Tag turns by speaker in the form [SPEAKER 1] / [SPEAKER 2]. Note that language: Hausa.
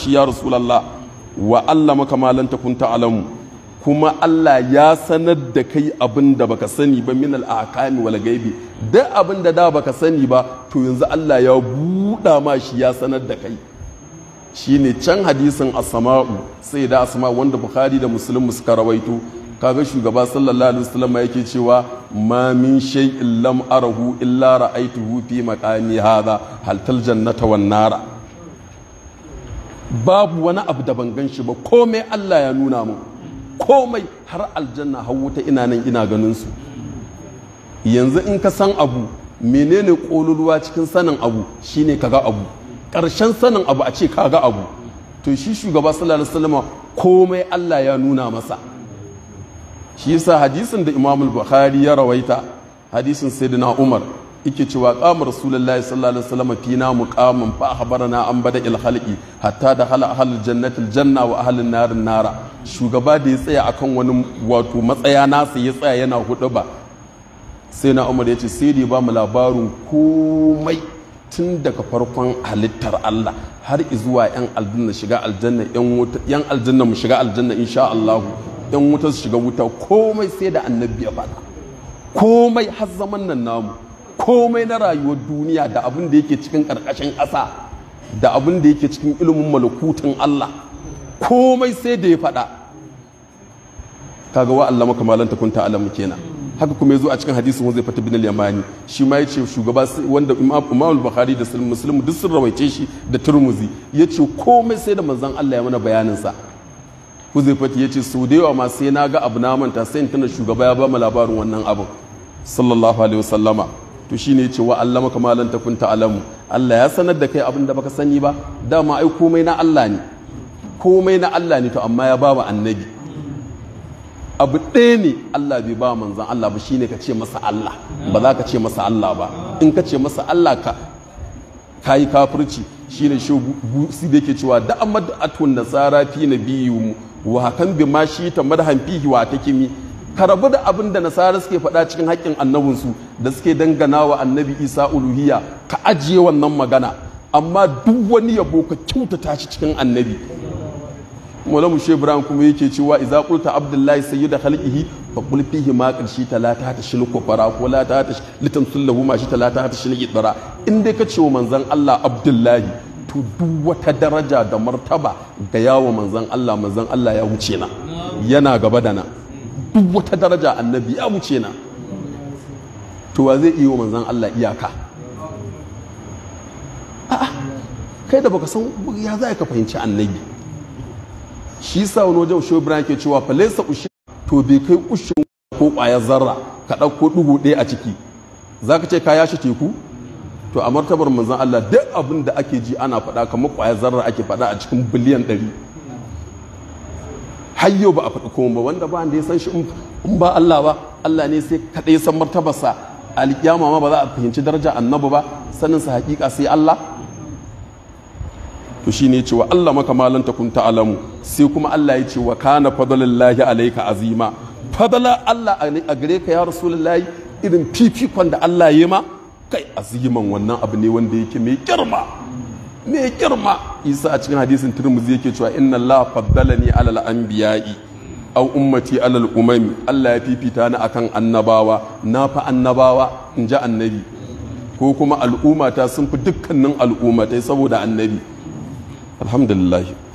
[SPEAKER 1] shi ya rasulallah wa Allah maka malan kun ta'alamu kuma Allah ya sanar da kai abin da baka sani ba min al'akami ahkami wal gaibi da abin da da baka sani ba to yanzu Allah ya buɗa ma shi ya sanar da kai shine can hadisin asama'u sai da asama'u wanda Bukhari da Muslim suka rawaito kaga shugaba sallallahu alaihi wasallam yake cewa ma min shay'in lam arahu illa ra'aytuhu fi maqami hadha hal tal jannata wan nara babu wani abu da ban gan shi ba komai Allah ya nuna mu komai har aljanna har wuta ina nan ina ganin su yanzu in ka san abu menene kololuwa cikin sanin abu shine kaga abu ƙarshen sanin abu a ce ka ga abu to shi shugaba sallallahu alaihi wasallam komai Allah ya nuna masa shi yasa hadisin da Imam Bukhari ya rawaita hadisin Sayyidina Umar yake cewa qama rasulullahi sallallahu alaihi wasallam na muqamin fa akhbarana an bada il khalqi hatta da hala jannati al janna wa nar narin nara shugaba da ya tsaya akan wani wato matsaya nasa ya tsaya yana ba. sai na umar ya ce sai dai ba mu labarin komai tun daga farkon halittar Allah har zuwa yan aljanna shiga aljanna yan aljanna mu shiga aljanna insha Allah yan wuta su shiga wuta komai sai da annabi ya faɗa komai har zaman nan namu komai na rayuwar duniya da abin da yake cikin ƙarƙashin ƙasa da abin da yake cikin ilimin malakutun Allah komai sai da ya faɗa kaga wa Allah kun ta kunta alamu kenan haka kuma yazo a cikin hadisin wanzai fata bin al-yamani shi ma yace shugaba wanda Imam al-Bukhari da Muslim duk sun rawaice shi da Turmuzi yace komai sai da manzon Allah ya mana bayanin sa Huzaifat ya ce sau da yawa ma sai na ga abu na manta sai in tana shugaba ya ba mu labarin wannan abin sallallahu alaihi wasallama to shine yace wa allah maka ta takun Allah ya sanar da kai abin da baka sani ba dama ai komai na Allah ne komai na Allah ne to amma ya bawa annabi abu ɗaya ne Allah bai ba manzan Allah ba shi ne ka ce masa Allah ba za ka ce masa Allah ba in ka ce masa Allah ka kayi kafirci shine shi busi da yake cewa da amma da atun nasara fi biyu wa kan bi ma shi ta kimi fihi wa ka rabu da abin da nasara suke faɗa cikin haƙƙin annabinsu da suke dangana wa annabi isa uluhiya ka ajiye wannan magana amma duk wani yabo ka kyautata shi cikin annabi malamu shebran kuma yake cewa iza qulta abdullahi da khalqihi fa qul fihi ma qarshi talata ta shil fara ko la ta ta ma shi talata ta shil idara in dai ka ce wa manzon Allah abdullahi to duk wata daraja da martaba ga yawo manzon Allah manzon Allah ya wuce na yana gaba da nan. duk wata daraja annabi ya wuce na to wa zai iya manzan Allah iyaka a'a kai da baka san ya za ka fahimci annabi shi sa wani wajen shi Ibrahim ke cewa fa laysa ushi to bai kai ushin ko kwaya zarra ka ɗauko ɗugu ɗaya a ciki zaka ce ka yashi teku to a martabar manzan Allah duk abin da ake ji ana faɗa kamar kwaya zarra ake faɗa a cikin biliyan ɗari hayyo ba a faɗi komai ba wanda ba da ya san shi in ba Allah ba Allah ne sai kaɗai san martabarsa alƙiyama ma ba za a fahimci daraja annabi ba sanin sa haƙiƙa sai Allah to shine ya ce Allah maka ta kun ta'alamu sai kuma Allah ya ce wa kana fadlullahi alayka azima fadala Allah a gare ka ya rasulullahi irin fifikon da Allah ya ma kai aziman wannan abu ne wanda yake mai girma mai girma isa a cikin hadisin turmuzi yake cewa inna allah faddalani alal anbiya'i aw ummati alal umami allah ya fifita ni akan annabawa na fa annabawa in ji annabi ko kuma al'ummata sun fi dukkanin al'umma saboda annabi alhamdulillah